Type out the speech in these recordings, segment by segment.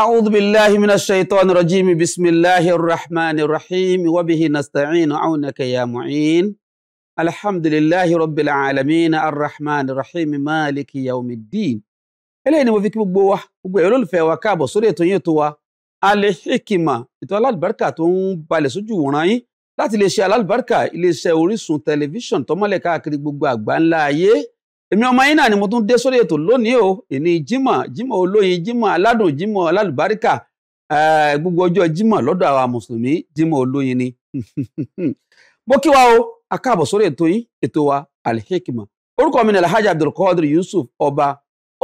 أعوذ بالله من الشيطان الرجيم بسم الله الرحمن الرحيم وبه نستعين عونك يا معين الحمد لله رب العالمين الرحمن الرحيم مالك يوم الدين eléyìí ni mo fi kí gbogbo wa gbogbo èrò olùfẹ́ wa káàbọ̀ sórí ètò yín ètò wa Al-Hikima ètò alálùbáríkà tó ń balẹ̀ sójú wòran yín láti lè ṣe alálùbáríkà iléeṣẹ́ Orísun tẹlifíṣọ̀n tọ́mọ́lẹ̀ káàkiri gbogbo àgbáńlá ayé èmi ọmọ yín náà ni mo tún dé sórí ètò lónìí o èní jímọ̀ jímọ̀ olóyin jímọ̀ aládùn jímọ̀ alálùbáríkà eh, gbogbo ọjọ́ jímọ̀ lọ́dọ̀ àwa mùsùlùmí jímọ̀ olóyin ni mo kí wa o a káàbọ̀ sórí ètò yín ètò wa alhikima orúkọ mi ni alhaji abdulkadir yusuf ọba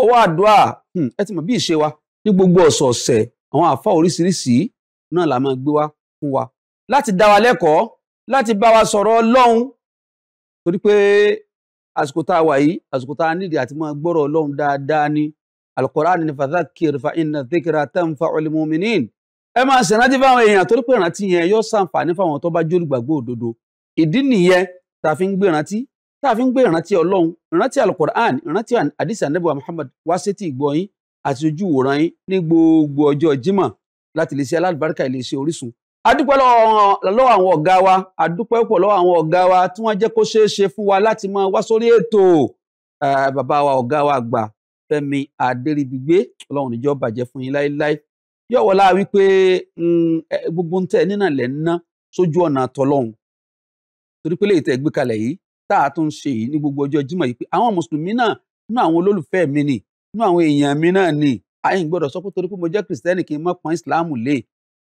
ọwọ́ àdúrà hmm, ẹ ti mọ̀ bí ìṣe wa ní gbogbo ọ̀sọ̀ọ̀sẹ̀ àwọn àfa oríṣiríṣi náà la máa gbé wá fún wa láti dá wa lẹ́kọ̀ọ́ láti bá wa sọ̀rọ̀ ọlọ́run torí pé àsìkò tá a wà yìí àsìkò tá a nídìí àti máa gbọ́rọ̀ ọlọ́run dáadáa ni alukoran ni fadhakir fa inna dhikra tanfa'ul mu'minin ẹ máa ṣèrántí fáwọn èèyàn torí pé ìrántí yẹn yóò ṣàǹfààní fáwọn tó bá jólùgbàgbọ́ òdodo ìdí nìyẹn tá a fi ń gbé ìrántí tá a fi ń gbé ìrántí ọlọ́run ìrántí alukoran ìrántí àdìsí ànábì muhammad wá sétí ìgbọ́ yín àti ojú wòran yín ní gbogbo ọjọ́ jímọ̀ láti lè ṣe alábàárìkà ilé iṣẹ́ Orísun adúpẹ́ lọ́wọ́ àwọn ọ̀gá wa adúpẹ́ pọ̀ lọ́wọ́ àwọn ọ̀gá wa tí wọ́n jẹ́ kó ṣeé ṣe fún wa láti máa wá sórí ètò bàbá wa ọ̀gá wa àgbà Fẹ́mi Adéríbigbé Ọlọ́run níjọ bàjẹ́ fún yín láéláé yọwọ láà wípé gbogbo ń tẹ nínà lẹ ń ná sójú ọ̀nà àtọlọ́hún torí pé léyìí tẹ gbé kalẹ̀ yìí tá a tún ṣe yìí ní gbogbo ọjọ́ Jímọ̀ yìí pé àwọn mùsùlùmí náà nínú àwọn olólùfẹ́ mi nì nínú àwọn èèyàn mi náà nì àyìn sọ pé torí pé mo jẹ́ kìrìsìtẹ́nì kí n má pọn ìsìláàmù lé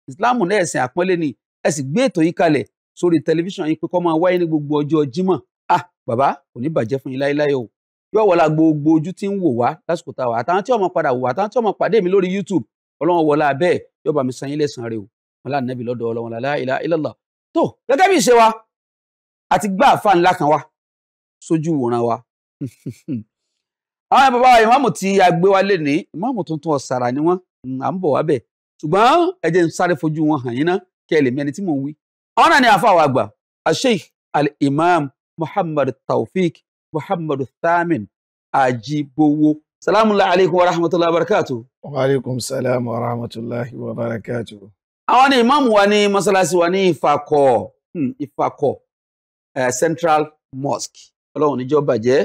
Islamu náà ẹ̀sìn àpọ́nlé ni ẹ sì gbé ètò yìí kalẹ̀ sórí tẹlifíṣàn yín pé kó máa wáyé ní gbogbo ọjọ́ jímọ̀ ah bàbá kò ní bàjẹ́ fún yín láéláé o yóò wọlá gbogbo ojú tí ń wò wá lásìkò táwa àtàwọn tí ọmọ padà wò àtàwọn tí ọmọ pàdé mi lórí YouTube ọlọ́wọ́n wọlá bẹ́ẹ̀ yóò bá mi san yín lẹ́sàn-án rẹ o wọn láà nẹ́bi lọ́dọ̀ ọlọ́wọ́n lálá ilá ilọ́lá wa àti gbá àfa ńlá wa sójú wòran wa àwọn bàbá ìmáàmù tí a gbé wa lé ní ìmáàmù tuntun ọ̀sàrà ni wọ́n à ń bọ̀ wá bẹ́ẹ̀ ṣùgbọ́n ẹ jẹ́ n sáré fojú wọn hàn yín ná kí ẹ lè mẹ́ni tí mò ń wí. àwọn náà ni àfàwọ̀ àgbà asheikh al-imam muhammad taofik muhammad thamin ajibowo salamu alaykum wa rahmatulahi wa barakatu. wa aleykum salaam wa rahmatulahi wa barakatu. àwọn ni imaamu wa ní masalasi wa ní ifakọ ifakọ hmm, eh, central mosque ọlọ́run níjọ́ bàjẹ́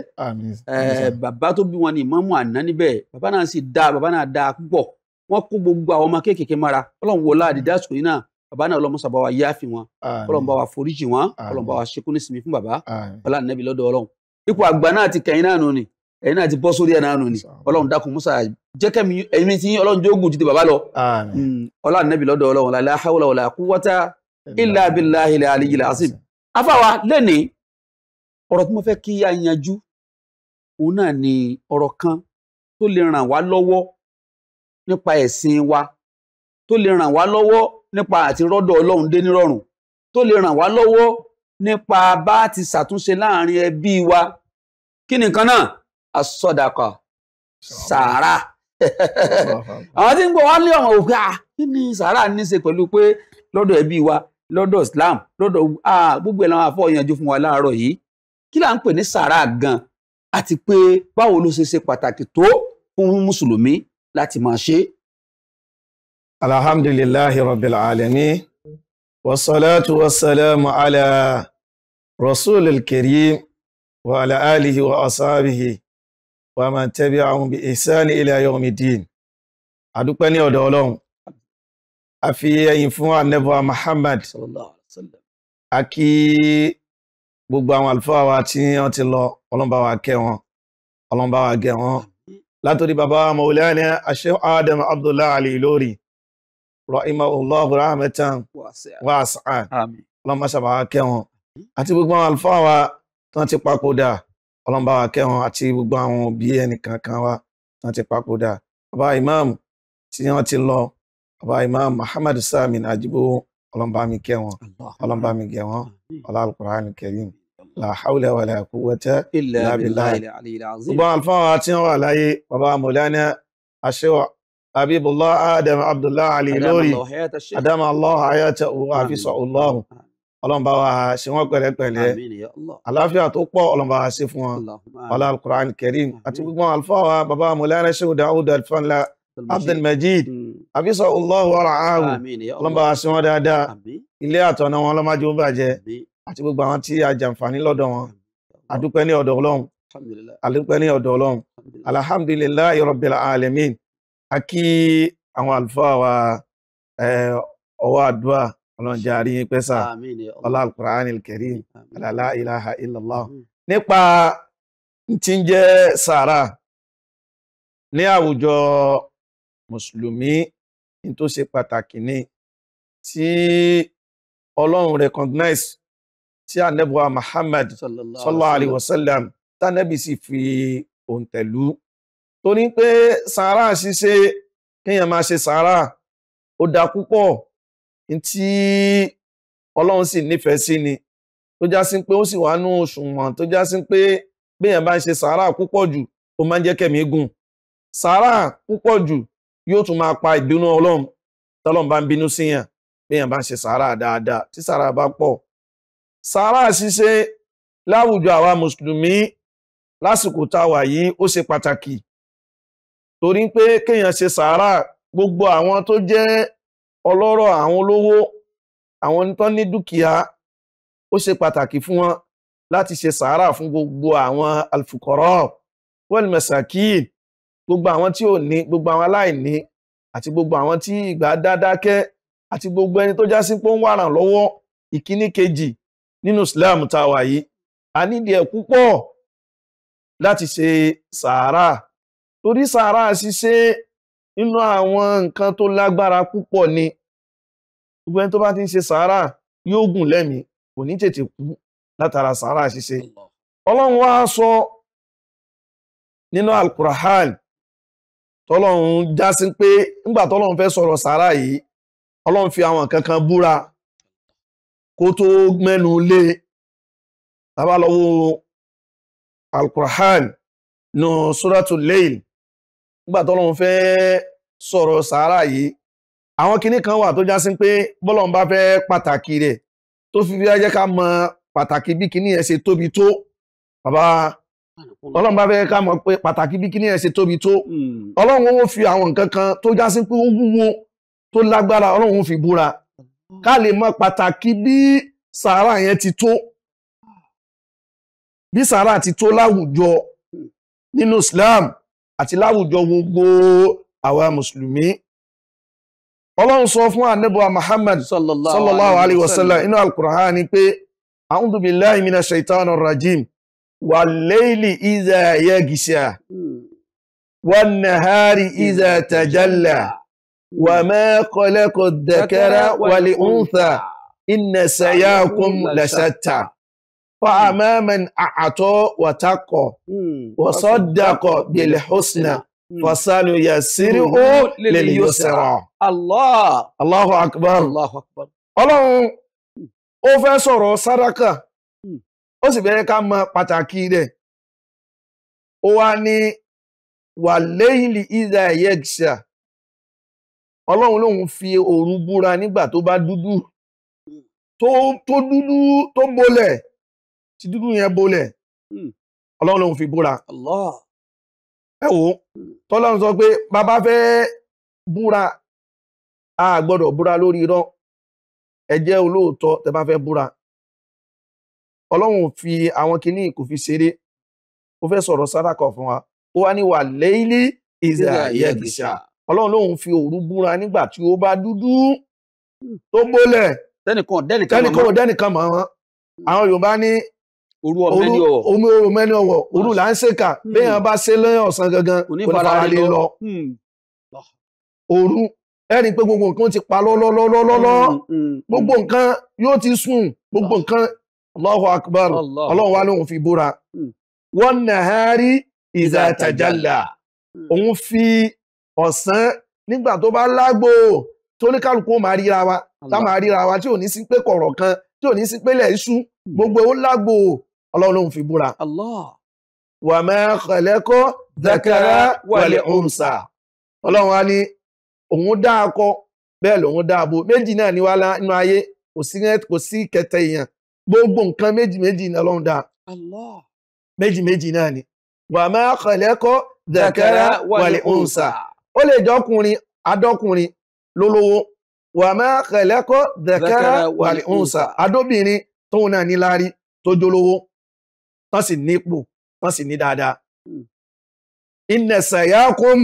eh, bàbá tó bí wọn ni imaamu àná níbẹ̀ bàbá náà sì dáa bàbá náà dáa púpọ̀ wọ́n kó gbogbo àwọn ọmọ kéékèèké mara ọlọ́run wọlá àdìdá àsìkò yìí náà bàbá náà ọlọ́mọ sábà wa yáàfin wọn ọlọ́run bá wa foríjì wọn ọlọ́run bá wa ṣekú ní sinmi fún bàbá ọlá nẹ́bí lọ́dọ̀ ọlọ́run ipò àgbà náà ti kẹ̀yìn náà nù ni ẹ̀yin náà ti bọ́ sórí ẹ̀ náà nù ni ọlọ́run dákun musa jẹ́kẹ́mi ẹ̀mí tí ọlọ́run jógùn ti di bàbá lọ hmm, ọlá nẹ́bí lọ́dọ̀ ọlọ́run la hawla wala quwwata illa billahil aliyyil azim afáwa lẹ́ni ọ̀rọ̀ tí mo fẹ́ kí a yanjú òun náà ni ọ̀rọ̀ kan tó lè ràn wá lọ́wọ́ nípa ẹ̀sìn wa tó lè ràn wá lọ́wọ́ nípa àti rọ́dọ̀ Ọlọ́run dé nírọ̀rùn tó lè ràn wá lọ́wọ́ nípa bá ti ṣàtúnṣe láàrin ẹbí wa kí nìkan náà asọdàkọ sàárà àwọn tí ń gbọ́ wá ọmọ òkè à ah, kí ni sàárà ní í ṣe pẹ̀lú pé lọ́dọ̀ ẹbí wa lọ́dọ̀ Islam lọ́dọ̀ ah, gbogbo ẹ̀ làwọn afọ̀yanjú fún wa láàárọ̀ yìí kí là ń pè ní sàárà gan àti pé báwo ló ṣe ṣe pàtàkì tó fún mùsùlùmí láti máa ṣe. alhamdulillahi rabbil alamin wasalaatu wasalaamu ala rasulil karim wa ala alihi wa ashabihi wa man tabi'ahum bi ihsani ila yawmiddin adúpẹ́ ní ọ̀dọ̀ Ọlọ́run a fi ẹ̀yìn fún anabuwa Muhammad a kí gbogbo àwọn àlùfáà tí wọ́n ti lọ ọlọ́mbà wa wọn ọlọ́mbà wa wọn látòrí bàbá maulana asheikh adam abdullahi al-Ilori rahimahullahu rahmatan wasi'a ọlọ́mọṣàbà kẹwọn àti gbogbo àwọn àlùfáà wa tí wọ́n ti papòdà ọlọ́mọba wa kẹwọn àti gbogbo àwọn òbí ẹnìkankan wa tí wọ́n ti papòdà bàbá imam tí wọ́n ti lọ bàbá imam muhammad samin ajibo ọlọ́mọba mi kẹwọn ọlọ́mọba mi kẹwọn ọlọ́mọba la hawla wa la quwwata illa billahi al-aliyyil azim. gbogbo àlùfáà wa tí wọ́n wà láyé bàbá mọ̀lánà aṣẹ́wà abibullah adam abdullah ali lórí adam allah ayata afisa allah ọlọ́mbà wa ṣe wọ́n pẹ̀lẹ́pẹ̀lẹ́ àláfíà tó pọ̀ ọlọ́mbà wa ṣe fún wọn ọlá al-Qur'an karim àti gbogbo àlùfáà wa bàbá mọ̀lánà ṣẹ́wà dáúdà alfanla abdulmajid afisa hmm. allah wa ra'ahu ọlọ́mbà wa ṣe dáadáa ilé àtọ̀nà wọn ọlọ́májú bàjẹ́ àti gbogbo àwọn tí a jàǹfààní lọ́dọ̀ wọn àdúpẹ́ ní ọ̀dọ̀ ọlọ́run àdúpẹ́ ní ọ̀dọ̀ ọlọ́run alhamdulillahi rabbil alamin a kí àwọn àlùfáà wa ọwọ́ àdúrà ọlọ́run jẹ́ àrí yín pẹ́sà ọlá alukur'an alkarim alala ilaha illallah nípa tí ń jẹ́ sàrà ní àwùjọ mùsùlùmí ní tó ṣe pàtàkì ní tí ọlọ́run recognize tí anabuwa Muhammad sallallahu alayhi wa sallam tánàbì sì fi òǹtẹ̀lú tó ní pé sàárà ṣíṣe kéèyàn máa ṣe sàárà ó dá púpọ̀ tí ọlọ́run sì nífẹ̀ẹ́ sí ni tó já sí pé ó sì wà nú òṣùwọ̀n tó já sí pé béèyàn bá ń ṣe sàárà púpọ̀ jù ó máa ń jẹ́ kẹ̀mí gùn sàárà púpọ̀ jù yóò tún máa pa ìbínú ọlọ́run tọ́lọ́run bá ń bínú síyàn béèyàn bá ń ṣe sàárà dáadáa tí sàárà bá pọ̀ sàárà ṣíṣe láwùjọ àwa mùsùlùmí lásìkò tá a wà yìí ó ṣe pàtàkì torí pé kéèyàn ṣe sàárà gbogbo àwọn tó jẹ́ ọlọ́rọ̀ àwọn olówó àwọn tó ní dúkìá ó ṣe pàtàkì fún wọn láti ṣe sàárà fún gbogbo àwọn alfukọrọ wal masakin gbogbo àwọn tí ò ní gbogbo àwọn aláìní àti gbogbo àwọn tí ìgbà dáadáa kẹ àti gbogbo ẹni tó já sí pé ń wàràn lọ́wọ́ ìkíní kejì nínú Islam tá wà yìí a nídìí ẹ̀ púpọ̀ láti ṣe sàárà torí sàárà ṣíṣe nínú àwọn nǹkan tó lágbára púpọ̀ ni gbogbo ẹni tó bá ti ń ṣe sàárà yóò gùn lẹ́mìí kò ní tètè kú látara sàárà ṣíṣe ọlọ́run wá sọ nínú alkùrahàn tọ́lọ́run já sí pé nígbà tọ́lọ́run fẹ́ sọ̀rọ̀ sàárà yìí ọlọ́run fi àwọn kan búra kó tó mẹ́nu lé tàbá lọ wo alkùrán nù suratul layl nígbà tọ́lọ́run fẹ́ sọ̀rọ̀ sàárà yìí àwọn kinní kan wà tó já sí pé bọ́lọ̀n bá fẹ́ pàtàkì rẹ̀ tó fi fi jẹ́ ká mọ pàtàkì bí kinní yẹn ṣe tóbi tó bàbá ọlọ́run bá fẹ́ ká mọ̀ pé pàtàkì bí kinní yẹn ṣe tóbi tó hmm. ọlọ́run ó fi àwọn nǹkan kan tó já sí pé ó wúwo tó lágbára ọlọ́run ó fi búra ká lè mọ pàtàkì bí sàárà yẹn ti tó bí sàárà ti tó láwùjọ nínú Islam àti láwùjọ gbogbo àwa mùsùlùmí ọlọ́run sọ fún ànábọ̀wá Muhammad sallallahu alayhi wa sallam inú al-Qur'an ni pé a'udhu billahi minash shaitanir rajim wal layli idha yaghsha hmm. wan nahari idha tajalla. وما خلق الذكر والأنثى إن سعيكم لشتى فأما من أعطى وتقى وصدق بالحسنى فسنيسره لليسرى الله الله أكبر الله أكبر Ọlọ́run ó fẹ́ sọ̀rọ̀ sàrákà ó sì bẹ̀rẹ̀ ká mọ pàtàkì rẹ̀ ó wá ní wàléyìlì ìdá ẹ̀yẹ́gṣà ọlọ́run lòun fi òru búra nígbà tó bá dúdú tó tó dúdú tó bolẹ̀ tí dúdú yẹn bolẹ̀ hmm. ọlọ́run lòun fi búra. ẹ wo hmm. tọ́lọ́run sọ pé bàbá fẹ́ búra a gbọ́dọ̀ búra lórí irọ́ ẹ jẹ́ olóòótọ́ tẹ bá fẹ́ búra ọlọ́run fi àwọn kinní kò fi ṣeré ó fẹ́ sọ̀rọ̀ sádàkọ̀ fún wa ó wá ní wà lẹ́yìn ìzà yẹ́gìṣà ọlọ́run lòun fi òru búra nígbà tí ó bá dúdú tó gbólẹ̀ tẹnìkan dẹnìkan mọ̀ wọn àwọn yorùbá ní òru ọmọẹni ọwọ òru là ń ṣèkà hmm. béèyàn bá ṣe lẹ́yìn ọ̀sán gangan kò ní fara lè lọ hmm. ah. òru ẹni pé gbogbo nǹkan ti pa lọ́lọ́lọ́lọ́lọ́ hmm, gbogbo nǹkan yóò ti sùn gbogbo ah. nǹkan Allahu akbar ọlọ́run wa lóun fi búra wan nahari iza tajalla òun fi ọ̀sán nígbà tó bá lágbo tóníkàlùkù ó máa ríra wa tá máa ríra wa tí ò ní sí pé kọ̀rọ̀ kan tí ò ní sí pé lẹ̀ iṣu hmm. gbogbo ó lágbo ọlọ́run ló ń fi búra. wa ma khalaqa zakara wal unsa ọlọ́run á ní òun dá akọ bẹ́ẹ̀ lòun dá abo méjì náà ní wàhálà nínú ayé kò sí kẹtẹ èèyàn gbogbo nǹkan méjì méjì náà lọ́run dá méjì méjì náà ni wa ma khalaqa zakara wal unsa ó lè jọkùnrin adọkùnrin lólówó wà máa kẹlẹkọ dẹkẹrẹ wàlẹ òǹsà adóbìnrin tóun náà níláárí tó jólówó tán sì nípò tán sì ní dáadáa hmm. inna sayakum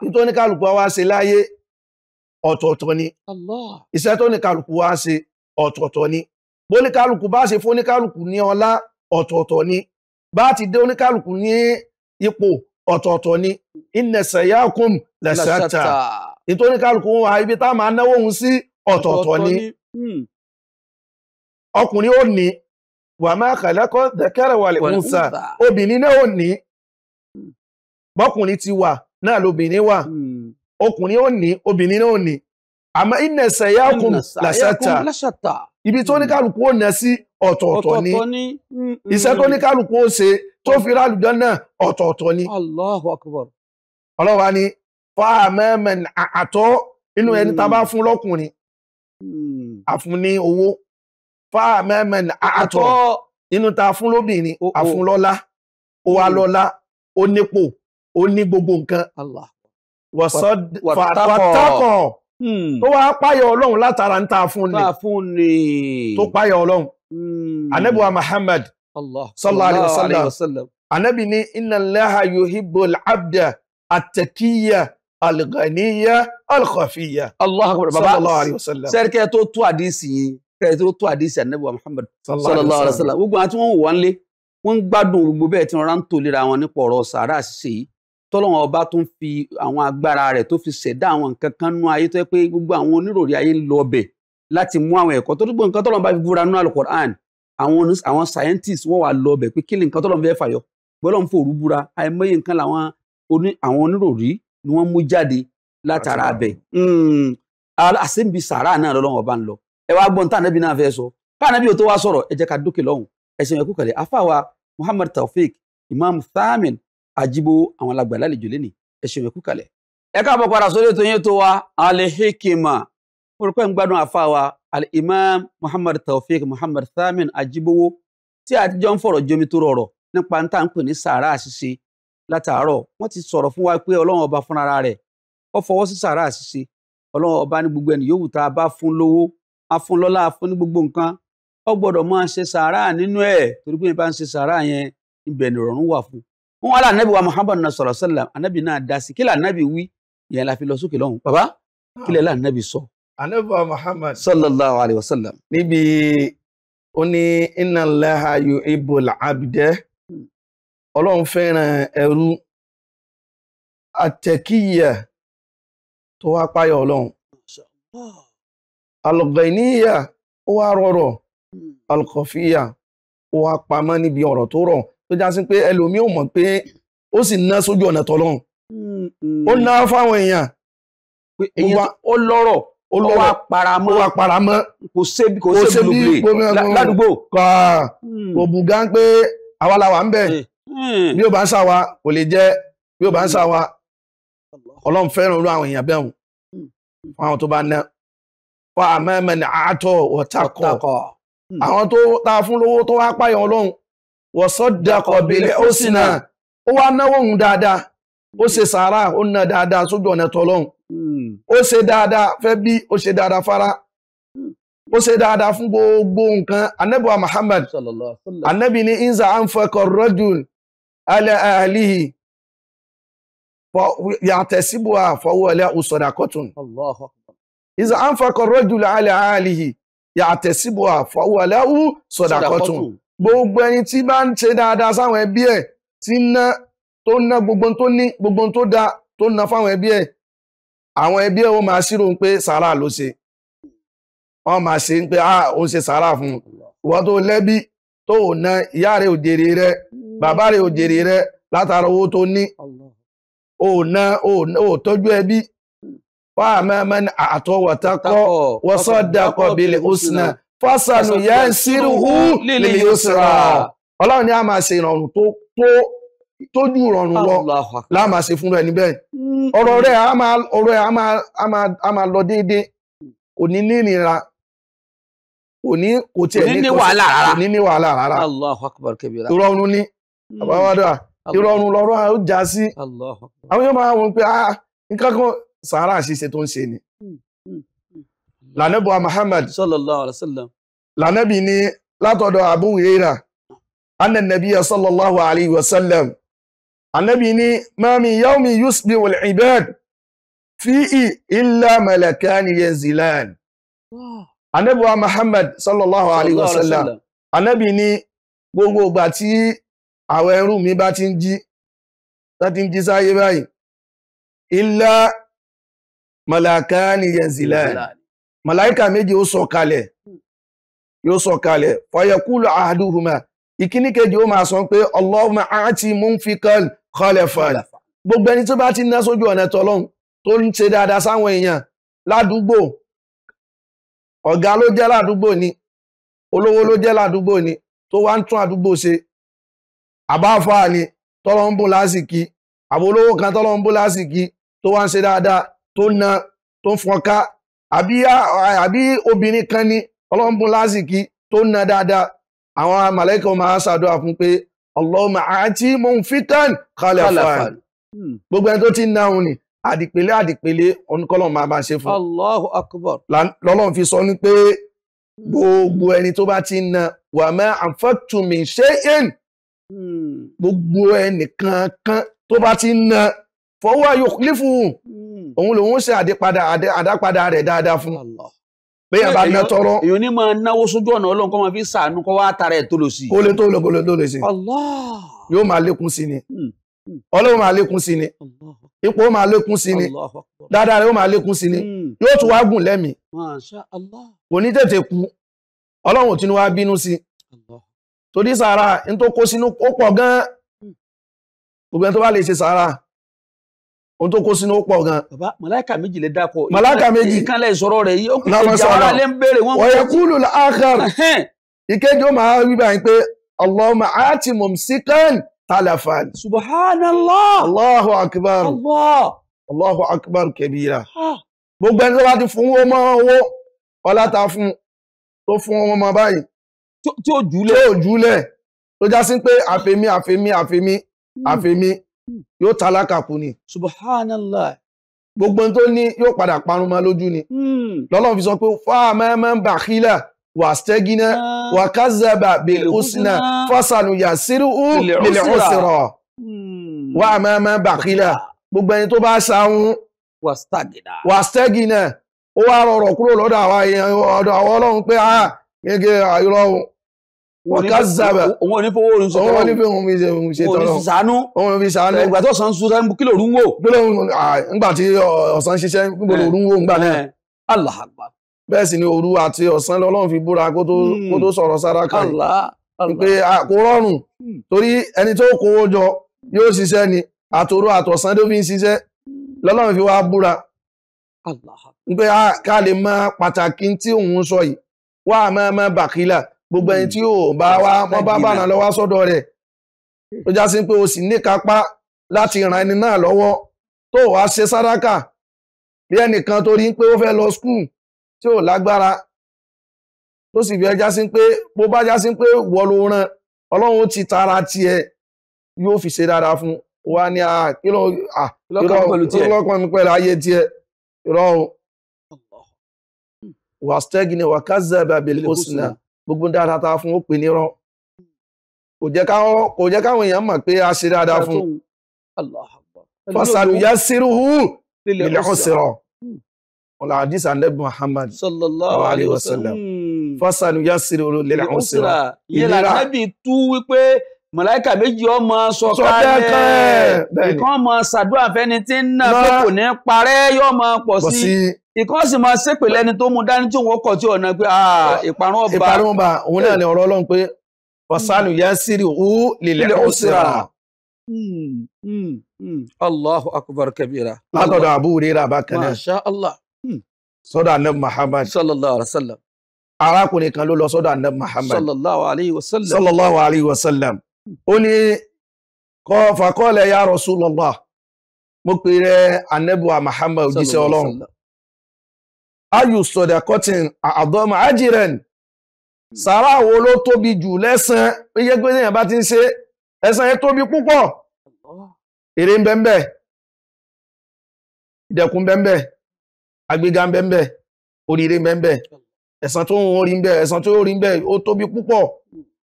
nítorí kálukú wa ṣe láyé ọ̀tọ̀ọ̀tọ̀ ni iṣẹ́ tó ní kálukú wa ṣe ọ̀tọ̀ọ̀tọ̀ ni bó ní kálukú bá ṣe fún ní kálukú ní ọlá ọ̀tọ̀ọ̀tọ̀ ni bá ti dé oníkálukú ní ipò ọ̀tọ̀ọ̀tọ̀ ni ya sayakum lashatta nítorí kálukú wọn ibi tá máa náwó òun sí ọ̀tọ̀ọ̀tọ̀ ni hmm. ọkùnrin ó ní wa ma khalaqa dhakara wal unsa obìnrin náà ó ní hmm. bọ́kùnrin ti wà náà lóbìnrin wà hmm. ọkùnrin ó ní obìnrin náà ó ní àmọ́ iná ṣẹ̀yà kún làṣàtà ibi tó ní mm. kálukú ó nà sí ọ̀tọ̀ọ̀tọ̀ ni mm, mm, iṣẹ́ tó ní kálukú ó ṣe tó fi rálùjọ náà ọ̀tọ̀ọ̀tọ̀ ni. Allahu Akbar. ọlọ́wà ni fáàmẹ́mẹ́ àtọ́ inú ẹni tá a bá fún lọ́kùnrin àfún ní owó fáàmẹ́mẹ́ àtọ́ inú tá a fún lóbìnrin àfún lọ́lá ó wá lọ́lá ó nípò ó ní gbogbo nǹkan. wàtàkọ̀ tó hmm. wá páyọ ọlọ́run látara ń ta fún ni tó páyọ ọlọ́run hmm. anabi wa muhammad sallallahu alayhi wa sallam anabi ni inna allaha yuhibbu al-abda at-takiyya al-ghaniyya al-khafiyya sallallahu alayhi wa sallam. sẹ́ríkẹ́ tó tú àdísì yìí kẹ́rẹ́ tó tú àdísì anabi wa muhammad sallallahu alayhi wa sallam gbogbo àwọn tí wọ́n lé wọ́n gbádùn gbogbo bẹ́ẹ̀ tí wọ́n rán lera wọn nípa ọ̀rọ̀ sàárà ṣíṣe yìí tọ́lọ́wọ́n ọba tó ń fi àwọn agbára rẹ̀ tó fi ṣẹ̀dá àwọn nǹkan kan nú ayé tó yẹ pé gbogbo àwọn oníròrí ayé ń lọ ọbẹ̀ láti mú àwọn ẹ̀kọ́ tó dúgbò nǹkan tọ́lọ́wọ́n bá fi búra nú alukoran àwọn àwọn scientists wọ́n wà lọ ọbẹ̀ pé kí ni nǹkan tọ́lọ́wọ́n fẹ́ fàyọ gbọ́dọ̀ ń fòrú búra àìmọye nǹkan làwọn àwọn oníròrí ni wọ́n mú jáde látara abẹ àṣẹ́bí sàrà náà lọ́lọ́wọ́n ọba ń lọ ẹ wá gbọ́n tànàbí náà fẹ́ sọ tànàbí ò tó wá sọ̀rọ̀ ẹ jẹ́ ká dókè lọ́hùn ẹ̀sìn ẹ̀kú kẹlẹ̀ afáwa Muhammad Taofeek Imam Thamin àjíbó àwọn alàgbà lálejò lẹ́nìí ẹ ṣeun ẹ kú kalẹ̀. ẹ káàbọ̀ padà sórí ètò yẹn tó wa alehekima mo rò ń gbádùn àfa wa al muhammad taofik muhammad thamin ajibowo tí àtijọ́ ń fọ̀rọ̀ jomi tó rọrọ̀ nípa ń tà ń pè ní sàárà àṣìṣe látàárọ̀ wọ́n ti sọ̀rọ̀ fún wa pé ọlọ́run ọba fúnra rẹ̀ ó fọwọ́ sí sàárà àṣìṣe ọlọ́run ọba ní gbogbo ẹni yòówù tá bá fún lówó a fún lọ́lá a fún ní gbogbo nǹkan ó gbọ́dọ̀ máa ṣe sàárà nínú ẹ̀ torí pé bá ń ṣe sàárà yẹn ibẹ̀ nìrọ̀rùn wà fún wọ́n wá lànàbí wa muhammadu na sọ̀rọ̀ sẹ́lẹ̀ ànàbí náà dá sí kí lànàbí wí ìyẹn la fi lọ sókè lọ́hùn bàbá kí lẹ́ lànàbí sọ. ànàbí wa muhammad. sallallahu alayhi wa sallam. níbi ó ní inna Allaha yuhibbul abda ọlọ́run fẹ́ràn ẹrú àtẹ̀kíyà tó wá páyọ̀ ọlọ́run. al ó wá rọrọ̀ hmm. al ó wá pamọ́ níbi ọ̀rọ̀ tó rọ̀ tó já sí pé ẹlòmíì ò mọ̀ pé ó sì ná sójú ọ̀nà tọ́lọ́run ó ná fáwọn èèyàn ó lọ́rọ̀ ó lọ́wọ́ paramọ́ ó wà paramọ́ kò sébi kò sébi ládùúgbò mm. kò bùgán pé àwa la wà ń bẹ̀ eh, hmm. bí ó bá ń ṣàwa kò lè jẹ́ bí ó bá ń ṣàwa ọlọ́run fẹ́ràn olú àwọn èèyàn bẹ́ẹ̀ hùn hmm. fún àwọn tó bá ná fún àmọ́ ẹ̀mẹ́ni àátọ̀ ọ̀tàkọ̀ hmm. àwọn tó ta fún lówó tó wá pààyàn ọlọ́run wọ̀sọ́dàkọ̀ bèlè ó sì náà ó wá náwó òun dáadáa ó ṣe sàárà ó ná dáadáa sójú ọ̀nà tọ́lọ́hún ó ṣe dáadáa fẹ́ bí ó ṣe dáadáa fara ó ṣe dáadáa fún gbogbo nǹkan ànábì wa Muhammad ànábì ní inza anfaqar rajul ala ahlihi yàtẹ̀síbùwà fọwọ́lẹ́ ọ̀sọ̀dàkọ̀tún inza anfaqar rajul ala ahlihi yàtẹ̀síbùwà fọwọ́lẹ́ ọ̀sọ̀dàkọ̀tún. gbogbo ẹni tí bá ń ṣe dáadáa sáwọn ẹbí ẹ tí ń ná tó ná gbogbo tó ní gbogbo tó da tó ń ná fáwọn ẹbí ẹ àwọn ẹbí ẹ ó máa ṣírò ń pé sàárà ló ṣe máa ṣe ń pé ah, ó ṣe fún un tó lẹ́bí tó ò ná ìyá òjèrè bàbá òjèrè látara owó tó ní ò ná ò ẹbí bílẹ̀ fásánù yẹn sírúhú lílì yusra ọlọ́run ni a máa ṣe ìrọ̀rùn tó tó lọ la máa ṣe fún ẹni bẹ́ẹ̀ ọ̀rọ̀ rẹ̀ a máa ọ̀rọ̀ rẹ̀ a máa lọ déédéé kò ní ní kò ní kò ni hmm. ìrọ̀rùn sí àwọn yóò máa pé ah, nǹkan kan sàárà tó lànàbọ̀ Muhammad sallallahu alaihi wasallam lànàbì ní látọ̀dọ̀ Abu Huraira anna nabiyya sallallahu alaihi wasallam ànàbì ní ma min yawmin yusbihu al-ibad fihi illa malakani yanzilan ànàbọ̀ Muhammad sallallahu alaihi wasallam ànàbì ní gbogbo ìgbà tí àwọn ẹrú mi bá ti ń jí láti ń jí sáyé illa malakani yanzilan màláìkà méjì ó sọ kalẹ̀ yóò sọ kalẹ̀ fayakulu ahaduhuma ìkíní kejì ó máa sọ pé Allahumma aati munfikan khalafan gbogbo ẹni tó bá ti ná sójú ọ̀nà tọ́lọ́hún tó ń ṣe dáadáa sáwọn èèyàn ládùúgbò ọ̀gá ló jẹ́ ládùúgbò ni olówó ló jẹ́ ládùúgbò ni tó wá ń tún àdúgbò ṣe àbáfáà ni tọ́lọ́ ń bù lásìkí àbólówó kan tọ́lọ́ ń lásìkí tó wá ń ṣe dáadáa tó ná tó ń fọ́nká àbí obìnrin kan ni ọlọ́mbùn lásìkí tó ná dáadáa àwọn màlẹ́kọ̀ máa ṣàdúrà fún pé Allahumma àti munfikan khalafan hmm. gbogbo ẹni tó ti ná òun ni àdìpẹ̀lẹ̀ àdìpẹ̀lẹ̀ ọ̀nùkọ́lọ̀ máa bá ṣe fún. Allahu akbar. lọ́lọ́run fi sọ ni pé gbogbo ẹni tó bá ti ná wa ma anfaqtum min shay'in hmm. gbogbo ẹnì kankan tó bá ti ná fọwọ́ yòókùlé fún un òun lòun ṣe àdápadà rẹ̀ dáadáa fún un pé bá ná tọrọ. èyàn ní máa náwó sójú ọ̀nà ọlọ́run kọ́ máa fi sàánú kọ́ wá tara ẹ̀ tó lò sí. kó tó lò kó tó sí. yóò máa lékún sí ni hmm, hmm. ọlọ́run máa lékún sí ni ipò máa lékún sí ni dáadáa máa lékún ni hmm. yóò tún gùn lẹ́mìí kò ní tètè ọlọ́run ò tún wá bínú sí torí ohun tó kó sínú ó pọ̀ gan. bàbá màláìka méjì lè dákọ. màláìka méjì ìkan lẹ sọ̀rọ̀ rẹ̀ yìí ó kù kejì àwọn alẹ́ ń béèrè wọn. wọ́n yẹ kúlù láàkàr ìkejì ó máa wí allahumma aati mumsikan talafan. subhanallah. allahu akbar. allah. allahu akbar kabira. gbogbo ẹni tó bá ti fún owó mọ́ owó ọlá ta fún tó fún owó mọ́ báyìí. tí ò júlẹ̀. tí ò júlẹ̀ tó já sí pé àfẹ́mí àfẹ́mí àfẹ́mí hmm. àfẹ́mí yóò tálákà kú ni. subhanallah. gbogbo tó ní yóò padà parun ma lójú ni. Hmm. lọ́lọ́run fi sọ pé fáamẹ́ máa ń bàkílà wàstẹ́gínà wàkázàbà bèlúsínà fásánù yàsírù bèlúsírọ̀ wàmẹ́ máa ń bàkílà gbogbo ẹni tó bá ṣàwọn wàstẹ́gínà ó wá rọrọ̀ kúrò lọ́dọ̀ àwọn ọlọ́run pé ah gẹ́gẹ́ wọ́kàzàbà òun ò ní fowó orin sọ̀tọ̀ òun ò ní fi hun mi ṣe hun ṣe tọrọ òun ò ní sànú òun ò ní sànú ìgbà tó sàn sùn sẹ́nu kílò òrùn wò. kílò ńgbà tí ọ̀sán ṣiṣẹ́ níbo ló òrùn wò ńgbà náà. Allah bẹ́ẹ̀ sì ni òru àti ọ̀sán lọ́lọ́run fi búra kó tó hmm. sọ̀rọ̀ sára kan yìí pé kò rọrùn hmm. torí ẹni tó kówó jọ yóò ṣiṣẹ́ ni àtòrò àtọ̀sán tó máa máa bàkílà gbogbo ẹni hmm. tí yóò bá wá wọn bá bànà lọ́wọ́ sọ́dọ̀ rẹ̀ tó já sí pé o sì ní níkapá láti ran ẹni náà lọwọ tó wàá ṣe sàdákà bí ẹnìkan torí pé ó fẹ́ lọ skul tí ò lágbára tó sì fẹ́ já sí pé bó bá já sí pé wọ́ ló ran ọlọ́run ó ti tara tiẹ̀ yóò fi ṣe dáadáa fún wa ní a kí ló à kí lọ́kàn mi pẹ̀lú ayé tiẹ̀ ìrọ̀rùn wàstẹ́gì ni wàkàzẹ́ bàbá ìlú òsínà. gbogbo dáadáa ta fún ó pè ní rán kò jẹ́ káwọn èèyàn mọ̀ pé a ṣe dáadáa fún fasaluya siruhu ilẹ̀kọ̀sẹ̀rọ̀ ọ̀la hadith anabi muhammad sallallahu alayhi wa sallam fasaluya siruhu ilẹ̀kọ̀sẹ̀rọ̀ ìlera yẹlẹ tú wípé mọ̀láìkà méjì ọmọ sọ̀kalẹ̀ ìkan ọmọ sàdúrà fẹ́ni tí ń nà pé kò ní parẹ́ yóò máa sí ìkan sì máa ṣépè lẹ́ni tó mú dání tí òun ó kọ̀ tí ọ̀nà pé ah, ìparun ọba ìparun ọba òun náà ni ọ̀rọ̀ ọlọ́run pé wasanu yasiri hu lilẹ̀ ọ̀sìrà. Hmm, hmm, hmm. Allahu akbar kabira. látọ̀dọ̀ Abu Hurairah bákan náà. Masha Allah. sọ́dọ̀ anab Muhammad. sallallahu alayhi wa sallam. arákùnrin kan ló lọ sọ́dọ̀ anab Muhammad. sallallahu alayhi wa sallam. ó ní kọ́ faqala ya Rasulullah mo pè rẹ anabu Muhammad òjíṣẹ́ ọlọ́run. ayù sọ̀dàkọ́tìn àdọ́mà Ajiren Sara wo ló jù l'Esan pé yẹ pé ti se. ṣe e tobi tóbi púpọ̀ èrè ń bẹ́ńbẹ́ ìdẹ̀kùn bẹ́ńbẹ́ àgbéga ń bẹ́ńbẹ́ oríire ń bẹ́ńbẹ́ ẹ̀san tó ń rí ń bẹ́ ẹ̀san tó rí ń bẹ́ ó tóbi púpọ̀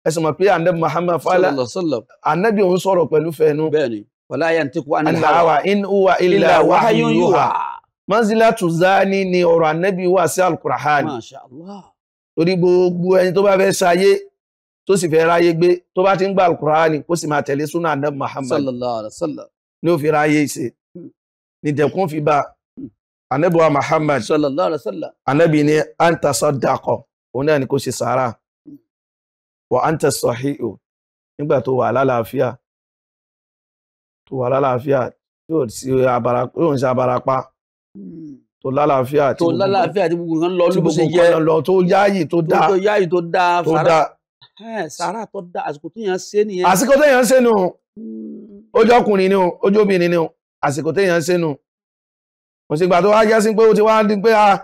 ẹ̀sìn mọ̀ pé hawa in huwa manzilatu zani ni ọ̀rọ̀ ànábì wà sí alukurahani torí gbogbo ẹni tó bá fẹ́ ṣayé tó sì fẹ́ ráyé gbé tó bá ti ń gba alukurahani kó sì máa tẹ̀lé súnà ànábì muhammad ní ó fi ráyé ṣe hmm. nìdẹ̀kùn fi bá hmm. ànábì wa muhammad ànábì ni anta sadaqa òun náà ni kó ṣe sàárà hmm. wa anta sahihu nígbà tó wà lálàáfíà tó wà lálàáfíà tí ṣe abarapa. Hmm. tó lálàáfíà àti gbogbo tó lálàáfíà àti gbogbo nǹkan lọ ní bó ṣe yẹ lọ tó yáàyè tó dáa tó yáàyè tó dáa sàrà tó dáa àsìkò tó yàn ṣe nìyẹn. àsìkò tó yàn ṣe nù hmm. ojú ọkùnrin ni o ojú obìnrin ni o àsìkò tó yàn ṣe nù kò sí ìgbà tó wá jásí pé o ti wá di pé o ah,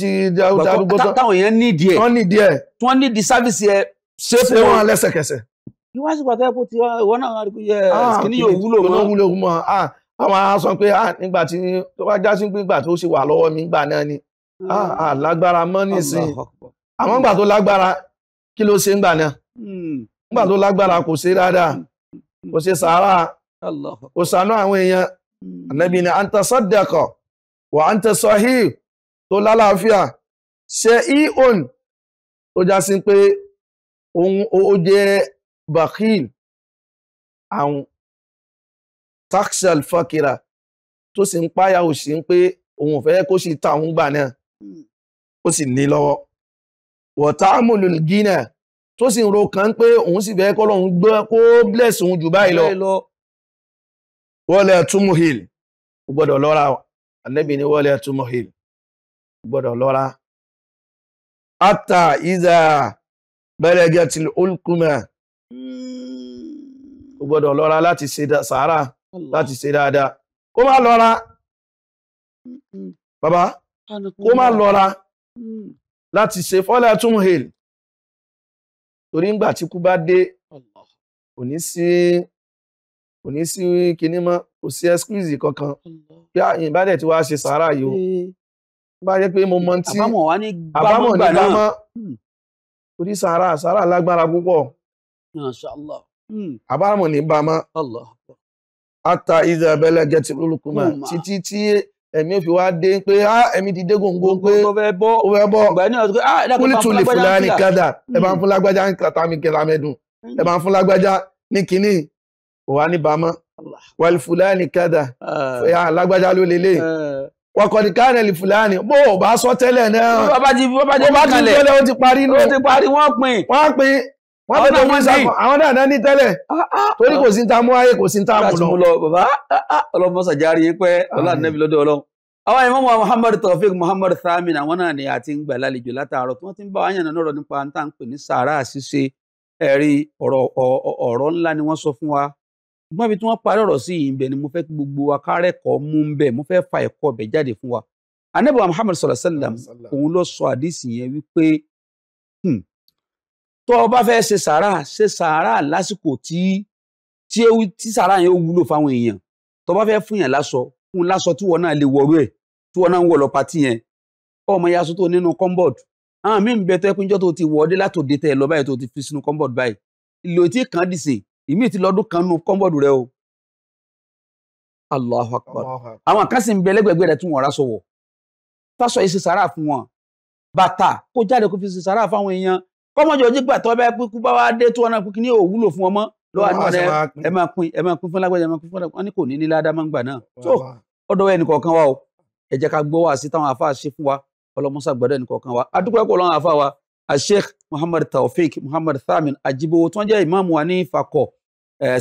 ti darúgbó tán táwọn èèyàn nídìí ẹ wọ́n nídìí ẹ wọ́n nídìí sáfìsì ẹ ṣé fún wọn lẹ́sẹ̀kẹsẹ̀. ìwádìí pàtàkì ìwọ náà wà á rí pé ẹ ah, kìnìún yóò wúlò mọ́ ah, àwọn á sọ pé ah, nígbà tí tó bá já sí pé nígbà tó ṣe wà lọ́wọ́ mi nígbà náà ni hmm. ah, lágbára mọ́ nísìnyí àmọ́ nígbà tó lágbára kí ló ṣe nígbà náà nígbà hmm. tó lágbára kò ṣe dáadáa hmm. kò ṣe sàárà kò ṣàánú àwọn èèyàn ànábì ni anta tó lálàáfíà ṣe ion tó já sí pé o ó jẹ́ bakhil taxi alfakira tó sì ń páyà òṣì ń pé òun ò fẹ́ kó sì ta òun gbà náà hmm. ó sì ní lọ́wọ́ wọ̀tá múlùú gínà tó sì ro kan pé ohun sì fẹ́ kọ́ lọ́hún gbọ́ kó bless òun jù báyìí lọ wọlé túmùhìl gbọ́dọ̀ lọ́ra ànábì ní wọlé túmùhìl gbọ́dọ̀ lọ́ra ata iza bẹ̀rẹ̀ gẹ̀tìl olùkùnmẹ̀ gbọ́dọ̀ láti ṣe dáadáa kó má lọ́ra bàbá kó má lọ́ra mm. láti ṣe fọ́lá tún hail torí ńgbà tí kú bá dé kò ní sí kò ní sí kinní mọ́ kò sí excuse kankan bí àyìn bá dẹ̀ tí wàá ṣe sàárà yìí o bá jẹ́ pé mo mọ tí àbámọ̀ ní gbámọ́ mm. torí sàárà sàárà lágbára púpọ̀ mm. àbámọ̀ ní gbámọ́ ata ìzà abẹ́lẹ̀ gẹ́tì lólùkùnmá títí tí ẹ̀mí ò fi wá dé pé á ẹ̀mí ti dé gbòǹgbò pé ó fẹ́ bọ́ kúlìtù lè fún láàrin kádà ẹ bá ń hmm. fún lágbájá ní kàtàmì kẹlàmẹ́dùn ẹ bá ń fún lágbájá ní kínní òwà ní bàmọ́ wàlì fúlàní kádà fẹ́yà ah. lágbájá ló lélẹ̀ wakọ̀dì káàrin lè ah. fúlàní bó o bá sọ tẹ́lẹ̀ náà bó o bá ti bó o bá ti bó o ti parí wọ́n pin wọ́n pin wọ́n tẹ̀lé wọ́n sá kan àwọn dáadáa ní tẹ́lẹ̀ ah, ah, torí ah. kò sí ta mú ayé kò sí ta mú lọ. bàbá ọlọ́mọ sàjárì pẹ́ ọlọ́àdínẹ́bí lọ́dọ̀ ọlọ́run àwọn ìmọ̀mọ̀ Muhammad Taofik Muhammad Thamin àwọn náà ni àti ń gbà lálejò látàárọ̀ tí wọ́n ti ń bá àyànnà náà rọ̀ nípa tá à ní sàárà ṣíṣe ẹ̀rí ọ̀rọ̀ ńlá ni wọ́n sọ fún wa ṣùgbọ́n ibi tí wọ́n parí ọ̀rọ̀ sí yìí ń bẹ ni mo fẹ́ kí gbogbo wa kárẹ́kọ̀ọ́ tó o bá fẹ́ ṣe sàárà ṣe sàárà lásìkò tí tí ewu tí sàárà yẹn ó wúlò fáwọn èèyàn tó o bá fẹ́ fún yàn lásọ fún lásọ tí wọn náà lè wọrú ẹ̀ tí wọn náà ń wọ̀ lọ pàtí yẹn ọmọ yasu tó nínú kọ́ńbọ̀d àwọn míì ń bẹ tó ẹkúnjọ́ tó ti wọlé látòdé tẹ̀ lọ báyìí tó ti fi sínú kọ́ńbọ̀d báyìí ìlò tí kan dì sí ìmíì ti lọ́dún kan nù kọ́ńbọ̀d rẹ o. Allahu Akbar àwọn kan sì ń bẹ lẹ́gbẹ̀gbẹ̀ rẹ̀ tún wọ́n ra fásọ yìí ṣe sàárà fún wọn bàtà kó jáde kó fi ṣe sàárà fáwọn èèyàn kọ́mọ̀jọ́ jí gbà tó bá pínkú bá wá dé tó ọ̀nà pínkú ní òwúlò fún ọmọ lọ́wọ́ àná rẹ ẹ máa pín ẹ máa pín fún lágbájá ẹ máa pín fún lágbájá wọn ní kò ní ní ládàá máa ń gbà náà tó ọ̀dọ̀ ẹnìkọ̀ọ̀kan wa o ẹ jẹ́ ká gbọ́ wá sí táwọn àfáà ṣe fún wa ọlọ́mọṣà gbọ́dọ̀ ẹnìkọ̀ọ̀kan wa adúpẹ́ pọ̀ lọ́wọ́ àfáà wa asheikh muhammad taofik muhammad thamin ajibowo tí wọ́n jẹ́ ìmáàmù wa ní Ìfakọ̀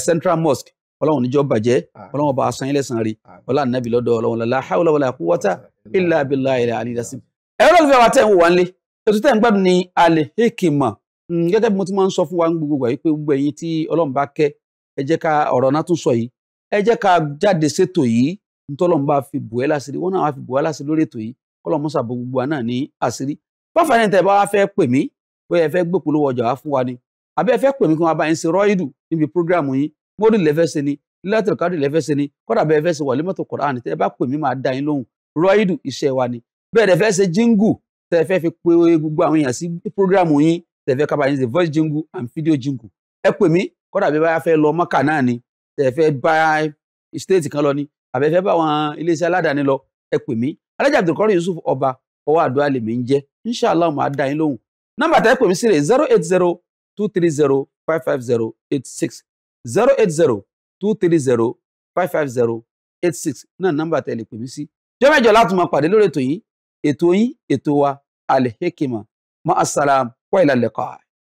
central mosque ọlọ́run níjọ́ bàjẹ́ ọlọ́run ọba asan ilẹ̀ san rí ọlọ́run nàbì lọ́dọ̀ ọlọ́run la hawla wala quwwata illa billahi al-ali al-azim ẹ̀rọ ló fi àwọn àtẹ̀wò wa ń lé ètò tẹ́ ń gbádùn ní alẹ́ hekima gẹ́gẹ́ bí mo ti máa ń sọ fún wa gbogbo wa yìí pé gbogbo ẹ̀yin tí ọlọ́run bá kẹ́ ẹ jẹ́ ká ọ̀rọ̀ náà tún sọ yìí ẹ jẹ́ ká jáde sétò yìí ntọ́lọ́run bá fi bù ẹ́ láṣìírí wọ́n náà wá fi bù ẹ́ láṣìírí lórí ètò yìí kọ́lọ́ mọ́sà bo gbogbo wa náà ní àṣírí báfa ní bá wá fẹ́ pè mí bóyá ẹ fẹ́ gbé polówó ọjà wá fún wa ni àbí ẹ fẹ́ pè mí kí wọ́n bá yín ṣe rọ́ìdù níbi prógráàmù yín mórí lẹ́fẹ́ ṣe ni lẹ́tọ̀rọ̀ kárì lẹ́fẹ́ ṣe ni kọ́dà bẹ́ẹ̀ fẹ́ ṣe wà lẹ́mọ̀tò kọ̀ọ̀rán tẹ́ ẹ bá pè mí máa dá yín lóhùn rọ́ìdù iṣẹ́ wa ni bẹ́ẹ̀ dẹ̀ ṣe jíngù tẹ fẹ́ fi pe gbogbo àwọn èèyàn sí programu yín tẹ fẹ́ kábàá yín ṣe voice jingle and video jingle ẹ pè mí kódà bí báyà fẹ́ lọ mọ́kà náà ni tẹ fẹ́ bá state kan lọ ni àbẹ fẹ́ bá àwọn iléeṣẹ́ aládàáni lọ ẹ pè mí alájà abdulkari yusuf ọba ọwọ́ àdúrà lèmi ń jẹ́ inshallah màá dá yín lóhùn nọ́mbà tẹ pè mí sí zero eight zero two three zero five five zero eight six zero eight zero two three zero five five zero eight six náà nọ́mbà tẹ lè pè mí sí jọ́mẹ́jọ láti máa pàdé lórí ètò yìí إتوي إتوا الحكمة مع السلام وإلى اللقاء